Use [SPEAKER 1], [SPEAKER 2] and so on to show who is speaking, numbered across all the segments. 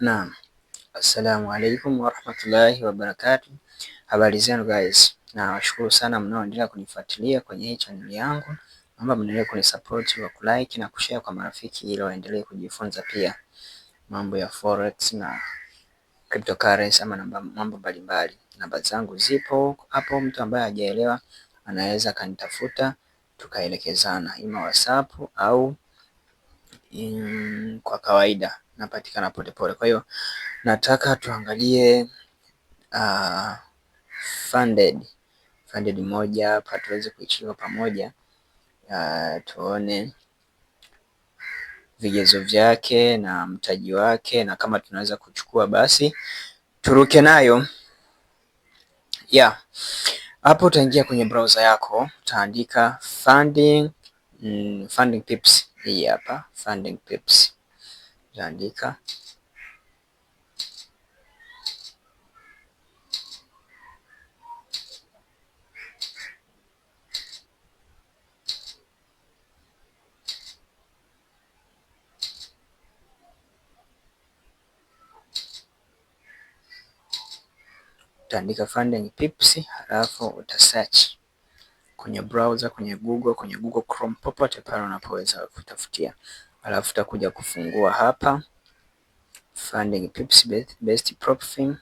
[SPEAKER 1] Naam. Assalamu alaikum warahmatullahi wabarakatu Habari zenu guys. Na washukuru sana mnaoendelea kunifuatilia kwenye hii channel yangu. Naomba mwendelee kunisupport kwa kulike na kushare kwa marafiki ili waendelee kujifunza pia mambo ya forex na cryptocurrency ama mambo mbalimbali. Namba zangu zipo hapo, mtu ambaye hajaelewa anaweza kanitafuta tukaelekezana, ima WhatsApp au in, mm, kwa kawaida napatikana polepole. Kwa hiyo nataka tuangalie uh, funded funded moja hapa tuweze kuichukua pamoja uh, tuone vigezo vyake na mtaji wake, na kama tunaweza kuchukua basi turuke nayo yeah. Hapo utaingia kwenye browser yako, utaandika funding, mm, funding pips hii hapa funding pips utaandika utaandika funding pips, halafu uta search kwenye browser, kwenye Google, kwenye Google Chrome, popote pale unapoweza kutafutia alafu utakuja kufungua hapa funding pips best firm,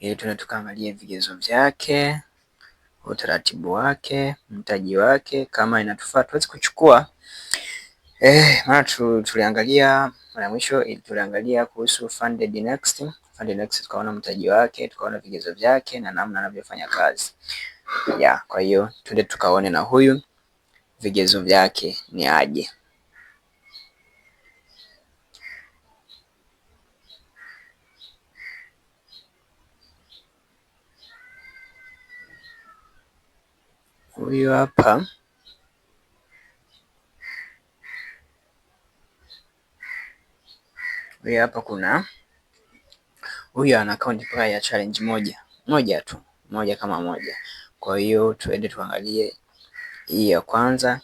[SPEAKER 1] ili tuna tukaangalia vigezo vyake, utaratibu wake, mtaji wake, kama inatufaa tuwezi kuchukua eh, tu, tuliangalia mara mwisho tuliangalia kuhusu funded next funded next, tukaona mtaji wake, tukaona vigezo vyake na namna anavyofanya kazi ya yeah. Kwa hiyo tuende tukaone na huyu vigezo vyake ni aje. Huyu hapa huyu hapa kuna huyu ana account mpaka ya challenge moja moja tu moja kama moja. Kwa hiyo tuende tuangalie hii ya kwanza,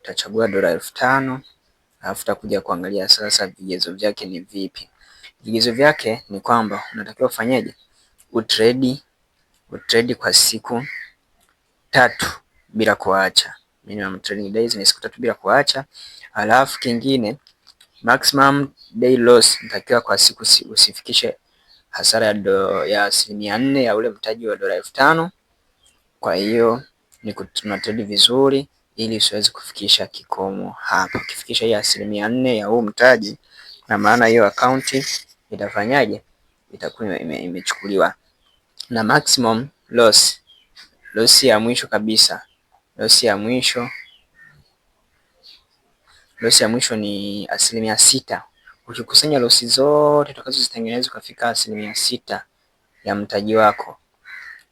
[SPEAKER 1] utachagua dola elfu tano alafu utakuja kuangalia sasa vigezo vyake ni vipi. Vigezo vyake ni kwamba unatakiwa ufanyeje, utredi utredi kwa siku tatu bila kuacha, minimum trading days ni siku tatu bila kuacha. Alafu kingine maximum day loss natakiwa kwa siku usifikishe hasara ya asilimia nne ya ule mtaji wa dola elfu tano. Kwa hiyo ni tunatredi vizuri ili usiweze kufikisha kikomo hapa. Ukifikisha hii asilimia nne ya huu mtaji, na maana hiyo akaunti itafanyaje? Itakuwa imechukuliwa na maximum loss, losi ya mwisho kabisa, losi ya mwisho loss ya mwisho ni asilimia sita. Ukikusanya losi zote utakazozitengeneza ukafika asilimia sita ya mtaji wako,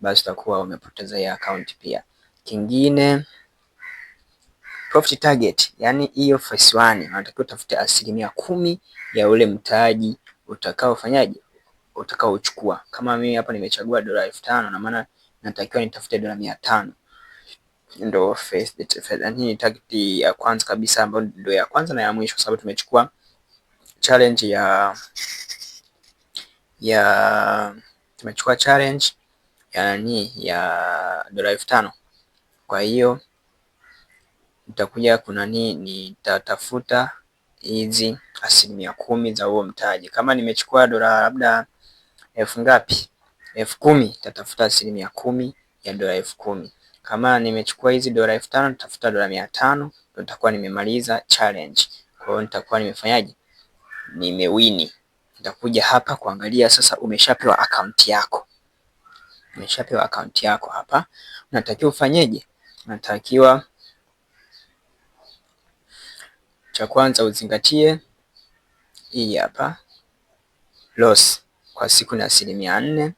[SPEAKER 1] basi utakuwa umepoteza hii akaunti pia. Kingine profit target, yani hiyo phase 1 unatakiwa utafute asilimia kumi ya ule mtaji utakaofanyaje utakaochukua. Kama mimi hapa nimechagua dola elfu tano na maana natakiwa nitafute dola mia tano ndio target ya kwanza kabisa, ambayo ndio ya kwanza na ya mwisho, kwa sababu tumechukua challenge ya ya tumechukua challenge yani ya dola elfu tano. Kwa hiyo nitakuja kunani, nitatafuta hizi asilimia kumi za huo mtaji. Kama nimechukua dola labda elfu ngapi, elfu kumi, nitatafuta asilimia kumi ya dola elfu kumi. Kama nimechukua hizi dola elfu tano, nitafuta dola mia tano, ndio nitakuwa nimemaliza challenge. Kwa hiyo nitakuwa nimefanyaje? Nimewini. Nitakuja hapa kuangalia sasa, umeshapewa akaunti yako, umeshapewa akaunti yako hapa, unatakiwa ufanyeje? unatakiwa cha kwanza uzingatie hii hapa loss kwa siku ni asilimia nne,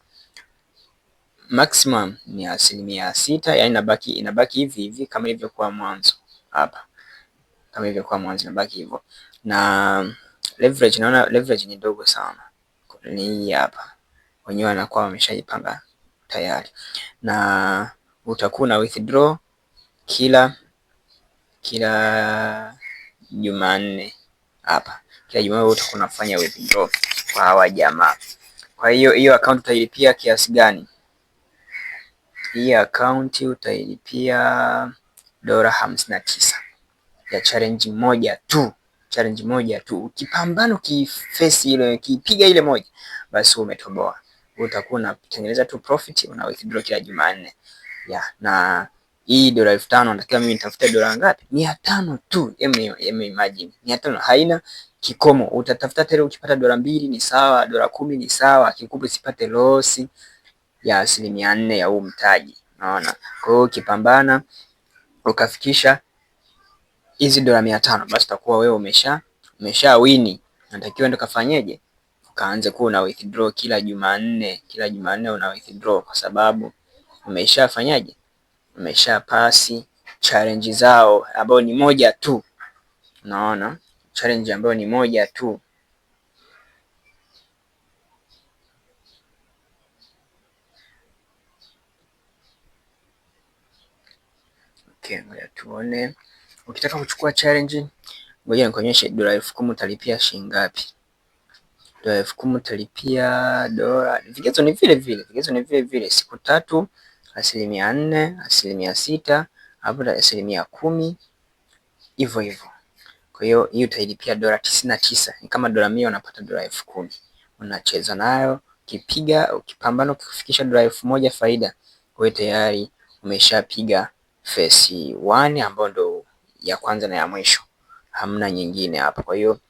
[SPEAKER 1] maximum ni asilimia sita, yani inabaki inabaki hivi hivi kama ilivyokuwa mwanzo hapa, kama ilivyokuwa mwanzo inabaki hivyo, na leverage, naona leverage ni ndogo sana, ni hii hapa, wenyewe wanakuwa wameshaipanga tayari, na utakuwa na withdraw kila kila Jumanne hapa, kila Jumanne unafanya withdraw kwa hawa jamaa. Kwa hiyo hiyo akaunti utailipia kiasi gani? Hii akaunti utailipia dola hamsini na tisa ya challenge moja tu, challenge moja tu. Ukipambana, ukifesi ile, ukipiga ile moja, basi umetoboa. Utakuwa unatengeneza tu profit, una withdraw kila Jumanne ya na hii dola elfu tano natakiwa mimi nitafute dola ngapi? mia tano tu. Imagine mia tano haina kikomo, utatafuta tele. Ukipata dola mbili ni sawa, dola kumi ni sawa, kikubwa sipate losi ya asilimia nne ya huu mtaji. Naona kwa hiyo ukipambana ukafikisha hizi dola mia tano basi utakuwa wewe umesha umesha wini. Natakiwa ndo kafanyeje, ukaanze kuwa una withdraw kila Jumanne, kila Jumanne una withdraw kwa sababu umeshafanyaje pasi challenge zao ambayo ni moja tu. Unaona challenge ambayo ni moja tu. Okay, ngoja tuone. Ukitaka kuchukua challenge, ngoja nikuonyeshe dola elfu kumi utalipia shilingi ngapi? Dola elfu kumi utalipia dola, vigezo ni vile vile, vigezo ni vile vile, siku tatu asilimia nne, asilimia sita, labda asilimia kumi hivyo hivyo. Kwa hiyo hii utailipia dola tisini na tisa, ni kama dola mia unapata dola elfu kumi unacheza nayo, ukipiga ukipambana, ukifikisha dola elfu moja faida, wewe tayari umeshapiga phase one ambayo ndo ya kwanza na ya mwisho, hamna nyingine hapa. Kwa hiyo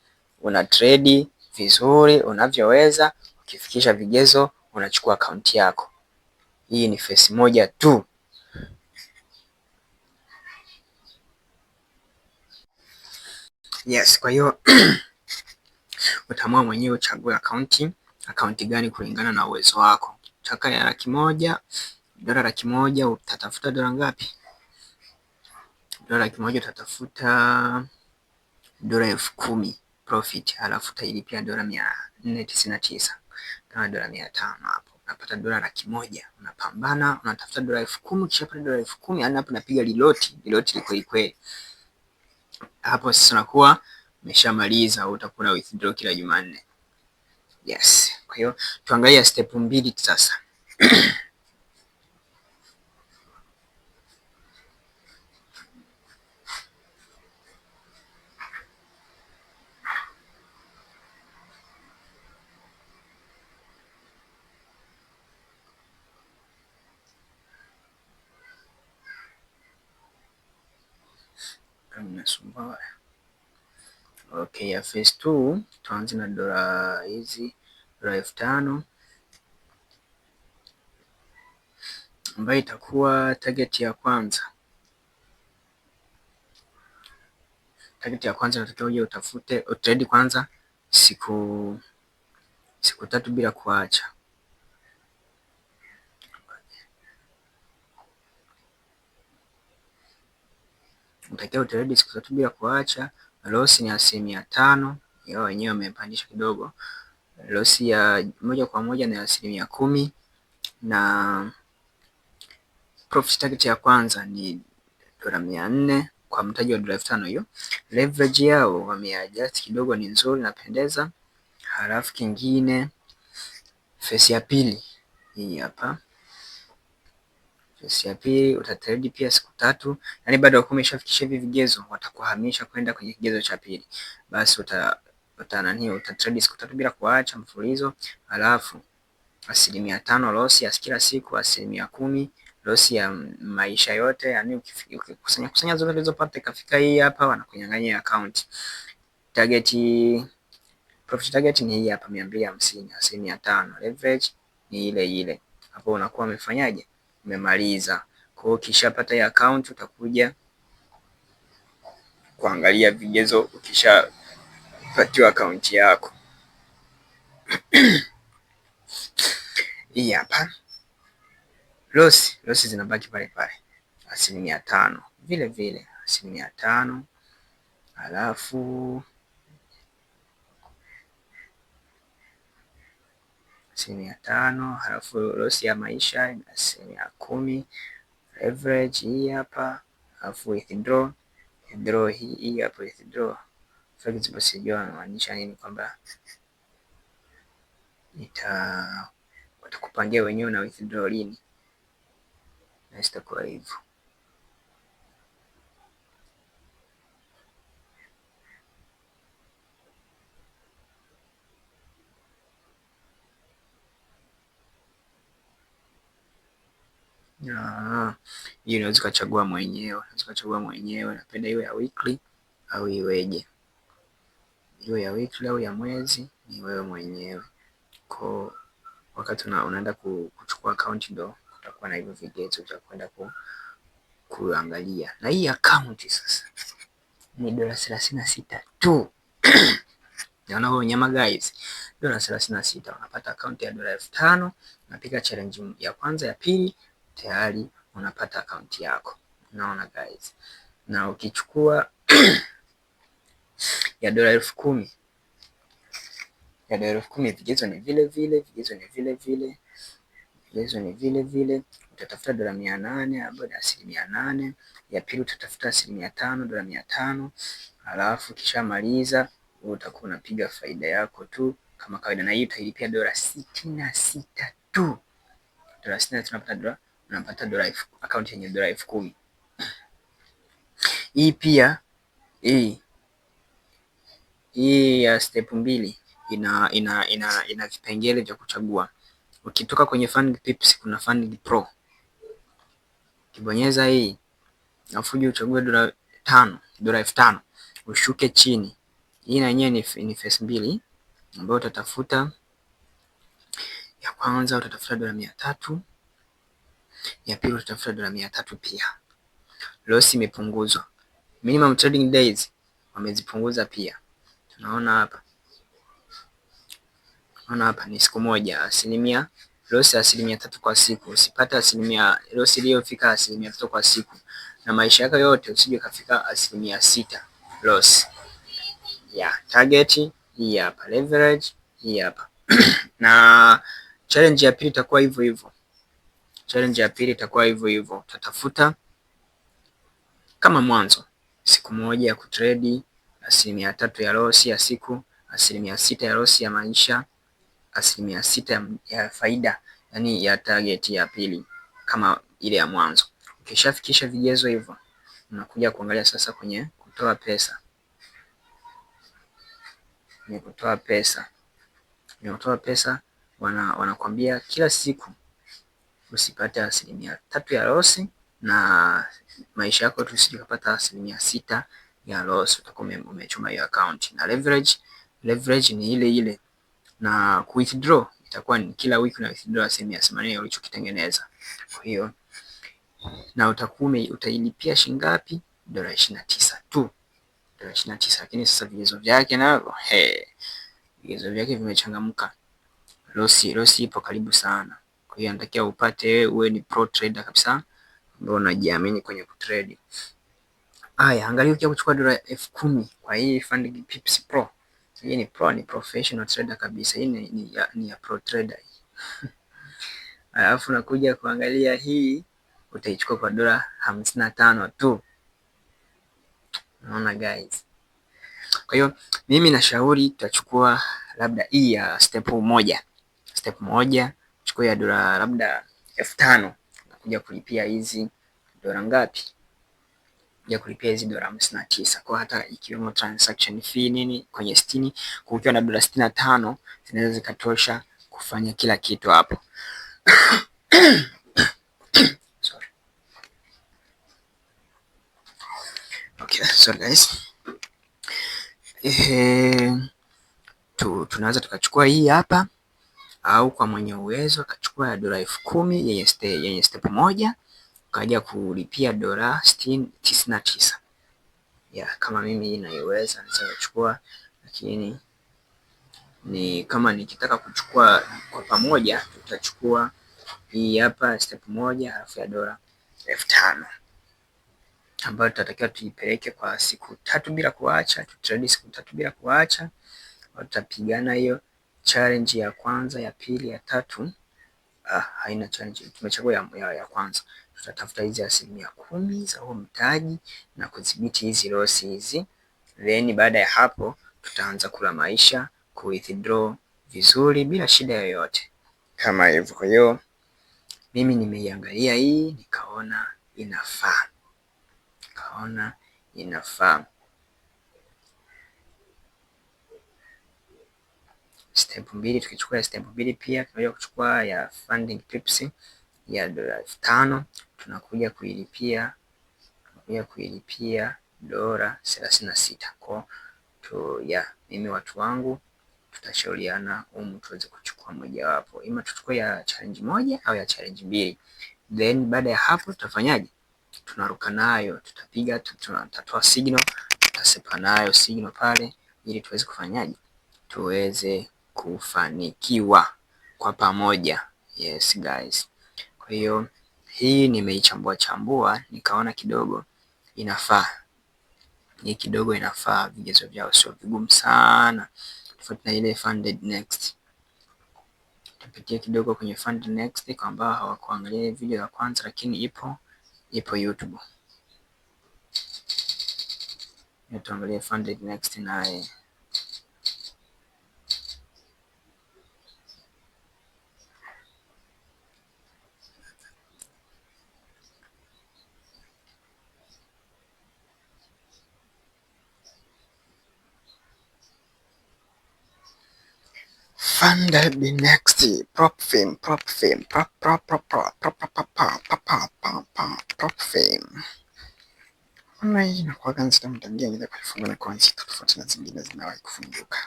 [SPEAKER 1] una trade vizuri unavyoweza, ukifikisha vigezo unachukua akaunti yako. Hii ni face moja tu. Yes, kwa hiyo utaamua mwenyewe uchague akaunti akaunti gani kulingana na uwezo wako. Taka ya laki moja, dola laki moja utatafuta dola ngapi? Dola laki moja utatafuta dola elfu kumi profit, alafu utailipia dola mia nne tisini na tisa kama dola mia tano hapo unapata dola laki moja, unapambana, unatafuta dola elfu kumi, ukishapata dola elfu kumi yani hapo unapiga liloti, liloti likwelikweli Hapo sasa unakuwa umeshamaliza, utakuwa na withdraw kila Jumanne. Yes. Kwa hiyo tuangalia step mbili sasa Okay, ya phase 2 tuanze na dola hizi dola elfu tano ambayo itakuwa target ya kwanza. Target ya kwanza unatakiwa uje utafute utredi kwanza siku siku tatu bila kuacha. Unatakiwa utredi siku tatu bila kuacha. Losi ni asilimia tano, yao wenyewe wamepandisha kidogo. Losi ya moja kwa moja ni asilimia kumi na profit target ya kwanza ni dola mia nne kwa mtaji wa dola elfu tano hiyo. Leverage yao wameadjust kidogo, ni nzuri napendeza. Halafu kingine, fesi ya pili hii hapa Kosi ya pili utatarudi pia siku tatu, yani baada ya kuwa umeshafikisha hivi vigezo watakuhamisha kwenda kwenye kigezo cha pili. Basi uta uta utanani utatrade siku tatu bila kuacha mfulizo, alafu asilimia tano losi ya kila siku, asilimia kumi losi ya maisha yote, yani ukikusanya kusanya zote ulizopata ikafika hii hapa, wanakunyang'anya account. Target profit target ni hii hapa 250 asilimia tano leverage ni ile ile hapo, unakuwa umefanyaje? umemaliza. Kwa hiyo ukishapata hii account utakuja kuangalia vigezo ukishapatiwa akaunti yako hii hapa. Losi losi zinabaki pale pale, asilimia tano vile vile asilimia tano alafu asilimia tano, halafu loss ya maisha ni asilimia kumi, average hii hapa, halafu withdraw withdraw hii hii hapa withdraw. Flexible sijua anamaanisha nini, kwamba ita watakupangia wenyewe na withdraw lini, na sitakuwa hivyo. hiyo unaweza ukachagua mwenyewe, unaweza ukachagua mwenyewe, napenda iwe ya weekly au iweje, iwe ya weekly au ya mwezi, ni wewe mwenyewe Kwa wakati unaenda kuchukua akaunti ndo utakuwa na hivyo vigezo vya kwenda ku, kuangalia. Na hii akaunti sasa ni dola thelathini na sita tu naona huo nyama guys, dola thelathini na sita unapata akaunti ya dola elfu tano unapiga challenge ya kwanza, ya pili tayari unapata akaunti yako. Unaona guys, na ukichukua ya dola elfu kumi ya dola elfu kumi vigezo ni vile vile, vigezo ni vile vile, vigezo ni vile vile. Utatafuta dola mia nane ambayo ni asilimia nane. Ya pili utatafuta asilimia tano, dola mia tano. Alafu ukishamaliza utakuwa unapiga faida yako tu kama kawaida, na hii utailipia dola sitini na sita tu, dola sitini na sita unapata dola unapata dola elfu, akaunti yenye dola elfu kumi. Hii pia hii hii ya step mbili ina ina ina ina vipengele vya kuchagua. Ukitoka kwenye Fund Pips kuna Fund Pro, ukibonyeza hii alafu uje uchague dola tano, dola elfu tano ushuke chini. Hii na yenyewe ni, ni mbili ambayo utatafuta ya kwanza, utatafuta dola mia tatu ya pili utatafuta dola mia tatu pia. Loss imepunguzwa, minimum trading days wamezipunguza pia, tunaona hapa Tunaona hapa ni siku moja asilimia loss asilimia tatu kwa siku, usipate asilimia loss iliyofika asilimia tatu kwa siku, na maisha yako yote usije kafika asilimia sita loss ya yeah. Target hii hapa, leverage hii hapa na challenge ya pili itakuwa hivyo hivyo. Challenge ya pili itakuwa hivyo hivyo, utatafuta kama mwanzo siku moja ya kutredi, asilimia tatu ya losi ya siku, asilimia sita ya losi ya maisha, asilimia sita ya faida, yani ya target ya pili kama ile ya mwanzo. Ukishafikisha vigezo hivyo, unakuja kuangalia sasa kwenye kutoa pesa. Ni kutoa pesa, ni kutoa pesa wanakwambia kila siku usipate asilimia tatu ya losi na maisha yako tusije ukapata asilimia sita ya loss utakuwa umechuma hiyo account na leverage leverage ni ile ile na withdraw itakuwa ni kila wiki na withdraw asilimia themanini ulichokitengeneza kwa hiyo na utakuwa utailipia shilingi ngapi dola ishirini na tisa tu dola ishirini na tisa lakini sasa vigezo vyake navyo vigezo vyake vimechangamka losi losi ipo karibu sana inatakiwa upate uwe ni pro trader kabisa ambao unajiamini kwenye kutrade. Haya, angalia ukiwa kuchukua dola elfu kumi kwa hii Fund Pips Pro. Hii ni pro, ni professional trader kabisa. Hii ni, ni, ya, ni ya pro trader hii. Alafu nakuja kuangalia hii utaichukua kwa dola hamsini na tano tu. Naona guys. Kwa hiyo mimi nashauri tutachukua labda hii ya step moja, step moja chukua dola labda elfu tano kuja kulipia hizi dola ngapi? Kuja kulipia hizi dola hamsini na tisa kwa hata ikiwemo transaction fee nini kwenye sitini kukiwa na dola sitini na tano zinaweza zikatosha kufanya kila kitu hapo. Okay, so guys. Ehe, tu, tunaweza tukachukua hii hapa au kwa mwenye uwezo akachukua ya dola elfu kumi yenye step moja ukaja kulipia dola tisini na tisa ya kama mimi naiweza kuchukua, lakini ni kama nikitaka kuchukua kwa pamoja tutachukua hii hapa step moja halafu ya dola elfu tano ambayo tutatakiwa tuipeleke kwa siku tatu bila kuacha, tutredi siku tatu bila kuacha, tutapigana hiyo challenge ya kwanza, ya pili, ya tatu. Ah, haina challenge, tumechagua ya, ya, ya kwanza. Tutatafuta hizi asilimia kumi za huo mtaji na kudhibiti hizi losi hizi, then baada ya hapo tutaanza kula maisha ku withdraw vizuri bila shida yoyote kama hivyo. Kwa hiyo mimi nimeiangalia hii nikaona inafaa, nikaona inafaa. step mbili. Tukichukua ya step mbili pia tunaweza kuchukua ya funding pips ya dola elfu tano tunakuja kuilipia tunakuja kuilipia dola thelathini na sita kwa ya mimi watu wangu tutashauriana umu tuweze kuchukua mojawapo, ima tuchukue ya challenge moja au ya challenge mbili, then baada ya hapo tutafanyaje? Tunaruka nayo, tutapiga, tutatoa signal, tutasepa nayo signal pale, ili tuweze kufanyaje, tuweze kufanikiwa kwa pamoja. Yes guys, kwa hiyo hii nimeichambua chambua nikaona kidogo inafaa, hii kidogo inafaa. Vigezo vyao sio vigumu sana, tofauti na ile funded next. Tupitie kidogo kwenye funded next kwa ambao hawakuangalia video ya kwanza, lakini ipo ipo YouTube. Tuangalie funded next naye funded be next prop fame prop fame prop prop prop prop prop prop prop prop prop prop prop prop prop fame. Mbona hii inakuwaga nzito, mtaingia ngine kuifungua na kuanzia tofauti na zingine zinawahi kufunguka.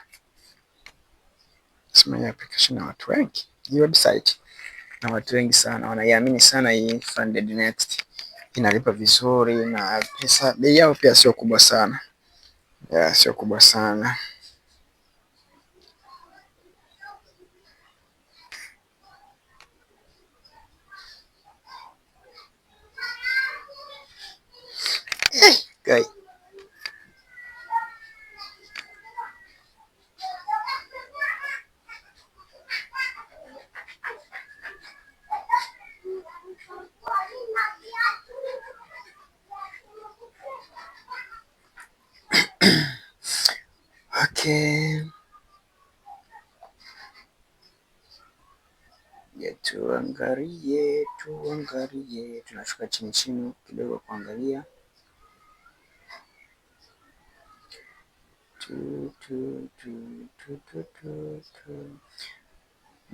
[SPEAKER 1] Sema hii application na watu wengi, hii website na watu wengi sana wanaiamini sana hii funded next, inalipa vizuri na pesa bei yao pia sio kubwa sana, yeah, sio kubwa sana. Yoi. Oke. Yetu angalie, tuangalie, tunashuka chini chini.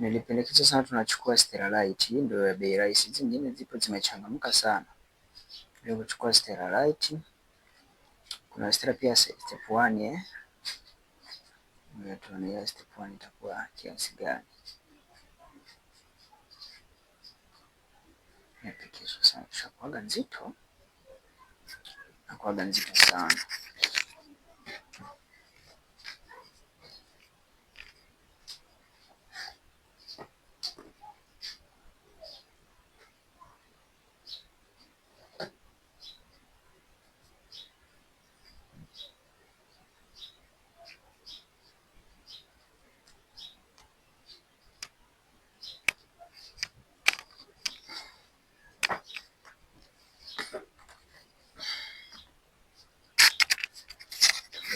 [SPEAKER 1] Nilipendekeza sana tunachukua Sterilite, hii ndio ya bei rahisi. Zingine zipo zimechangamka sana. Leo kuchukua Sterilite. Kuna Stera pia step 1 eh. Ndio Tunaona step 1 itakuwa kiasi gani? Application sana Kwa ganzito. Na kwa ganzito sana.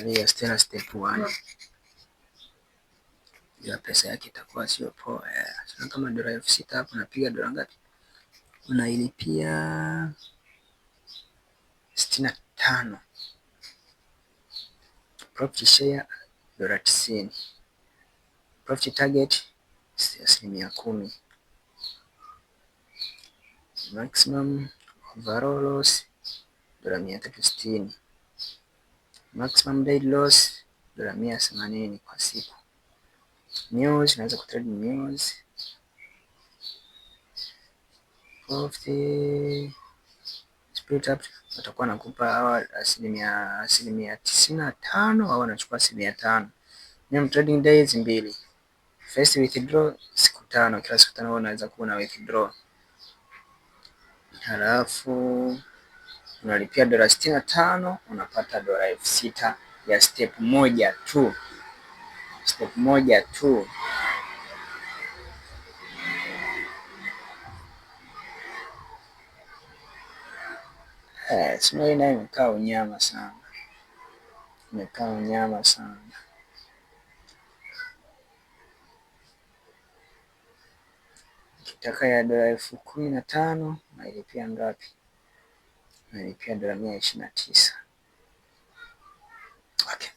[SPEAKER 1] utaangalia tena step 1. Ya pesa yake itakuwa sio poa. Sasa kama dola elfu sita hapo napiga dola ngapi? Unailipia sitini na tano profit share dola tisini profit target asilimia kumi maximum overall loss dola mia tatu sitini Maximum daily loss dola mia themanini kwa siku. News unaweza kutrade news split up, watakuwa nakupa hawa asilimia asilimia tisini na tano au wanachukua asilimia tano. Minimum trading days mbili, first withdraw siku tano, kila siku tano unaweza kuwa na withdraw halafu unalipia dola sitini na tano unapata dola elfu sita ya step moja tu, step moja tu. Eh, sinayo nayo imekaa unyama sana, imekaa unyama sana. Ukitaka ya dola elfu kumi na tano unailipia ngapi? Nilipenda la mia ishirini na tisa. Okay.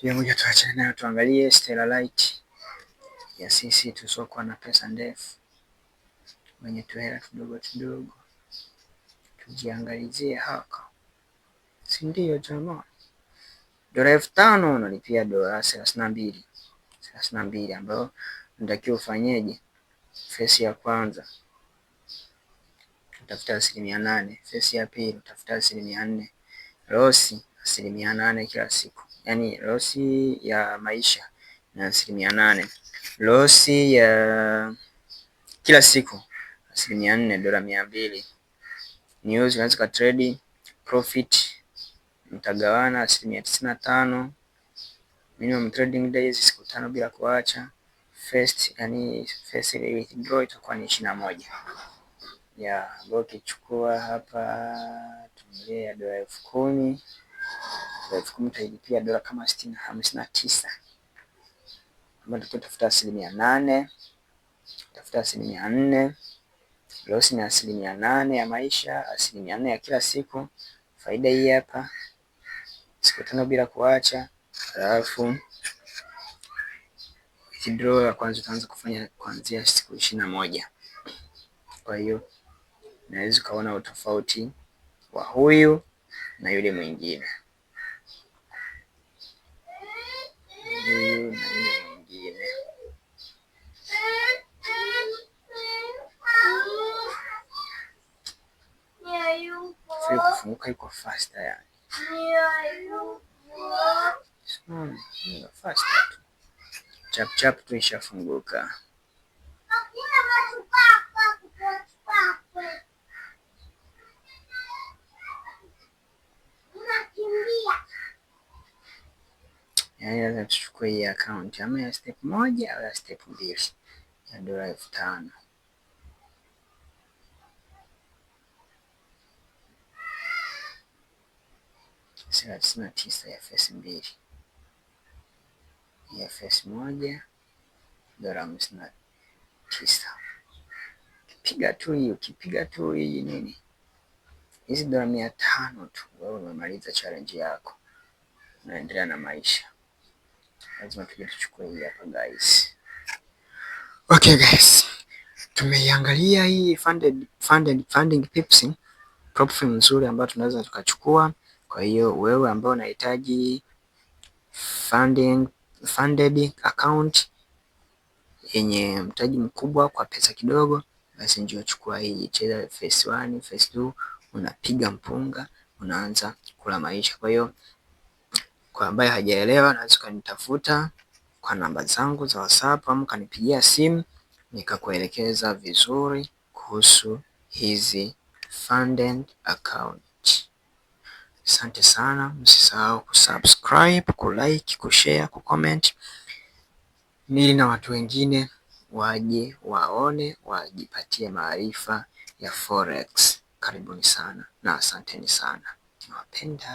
[SPEAKER 1] Hiyo moja tuachane nayo, tuangalie Stellarite ya sisi tusiokuwa na pesa ndefu, wenye tuhela kidogo kidogo, tujiangalizie haka, si ndio jamaa? Dola elfu tano unalipia dola thelathini na mbili thelathini na mbili ambayo natakiwa ufanyeje? Fesi ya kwanza utafuta asilimia nane fesi ya pili utafuta asilimia nne losi asilimia nane kila siku yani losi ya maisha na asilimia nane losi ya kila siku asilimia nne dola mia mbili news unaweza ukatredi profit mtagawana asilimia tisini na tano minimum trading days siku tano bila kuacha first yani first itakuwa ni ishirini na moja ya ambayo ukichukua hapa tumilia ya dola elfu kumi dola elfu kumi utailipia dola kama sitini hamsini na tisa ambayo utakuwa utafuta asilimia nane tafuta asilimia nne losi ni asilimia nane ya maisha asilimia nne ya kila siku faida hii hapa siku tano bila kuacha alafu withdrawal ya kwanza utaanza kufanya kuanzia siku ishirini na moja kwa hiyo unaweza ukaona utofauti wa huyu na yule mwingine, huyu na yule mwingine. Kufunguka iko faster yani. Hmm, chap chap tu chapchap tu ishafunguka. Yaani tuchukue hii akaunti ama ya step moja au ya step mbili ya dola elfu tano. thelathini na tisa ya fesi mbili ya fesi moja dola hamsini na tisa. Ukipiga tu hii ukipiga tu hii nini Hizi dola mia tano tu, wewe umemaliza challenge yako, unaendelea na maisha. Lazima tuje tuchukue hii hapa guys. Okay guys, tumeiangalia hii funded, funded, funding pips prop firm nzuri ambayo tunaweza tukachukua. Kwa hiyo wewe ambao unahitaji funding funded account yenye mtaji mkubwa kwa pesa kidogo, basi njoo chukua hii, cheza phase 1, phase 2 unapiga mpunga, unaanza kula maisha. Kwa hiyo kwa ambaye hajaelewa, naweza ukanitafuta kwa namba zangu za WhatsApp ama kanipigia simu nikakuelekeza vizuri kuhusu hizi funded account. Asante sana, msisahau kusubscribe, kulike, kushare, kucomment ili na watu wengine waje waone wajipatie maarifa ya forex. Karibuni sana na asanteni sana, nawapenda.